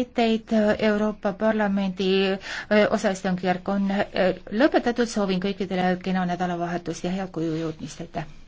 etteheiteid äh, Euroopa Parlamendi äh, osaistungjärk on äh, lõpetatud, soovin kõikidele kena nädalavahetust ja head koju jõudmist, aitäh!